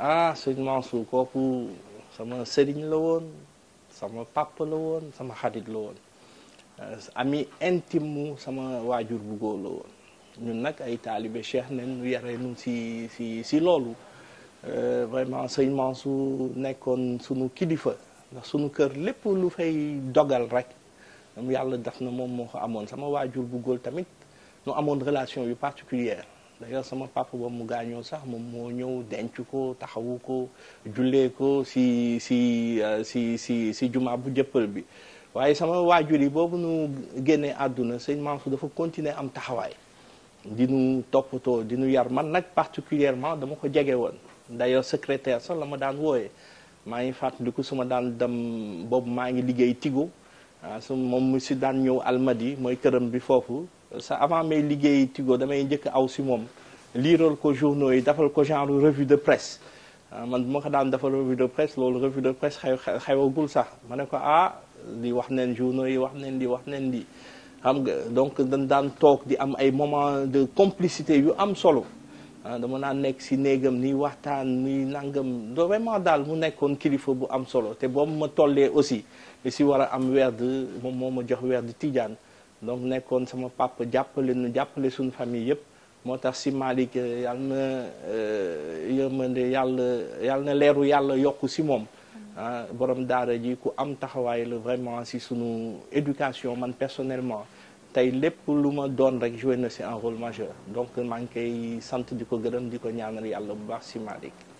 ah sëñ Mansour kooku sama sëriñ la woon sama papa la woon sama xarit la woon ah, ami intime mu sama waajur bu góor la woon ñun nag ay taalibe cheikh nañ ñu yare nu si si si loolu eh, vraiment sëñ Mansour nekkoon sunu kilifa ndax sunu kër lépp lu fay dogal rek yàlla def na moom moo ko amoon sama waajur bu góor tamit ñu amoon relation yu particulière d'ailleurs sama papa ba mu gaañoo sax moom moo ñëw denc ko taxawu ko jullee ko si si euh, si si si jumaa bu jëppal bi waaye sama waajur yi boobu nu génnee àdduna sëñ Mansour dafa continuer am taxawaay di nu toppatoo di nu yar man nag particulièrement dama ko jege woon d'ailleurs secrétaire sax la ma daan wooye maa ngi fàttaliku su ma daan dem boobu maa ngi liggéey Tigo ah, su moom si daan ñëw Almadi mooy këram bi foofu sa avant may liggéey Tigo damay njëkk aw si moom liiral ko journaux yi dafal ko genre revue de presse ah, man bu ma ko daan defal revue de presse loolu revue de presse xew xewagul sax ma ne ko ah li wax neen journaux yi wax neen li wax neen li xam nga donc dañ daan toog di am ay moment de complicité yu am solo ah, dama naan nekk si néegam ni waxtaan ni nangam vraiment daal mu nekkoon kilifa bu am solo te boobu ma tollee aussi si war a am werd moom moo ma jox weer werd Tijaan donc nekkoon sama papa jàppale nu jàppale suñu famille yëpp moo tax si Malick euh, yàlla na euh, yërmande yàlla na leeru yàlla yokku si moom mm-hmm. ah borom daara ji ku am taxawaay la vraiment si sunu éducation man personnellement tey lépp lu ma doon rek joué na si un rôle majeur donc maa ngi koy sant di ko gërëm di ko ñaanal yàlla bu baax si Malick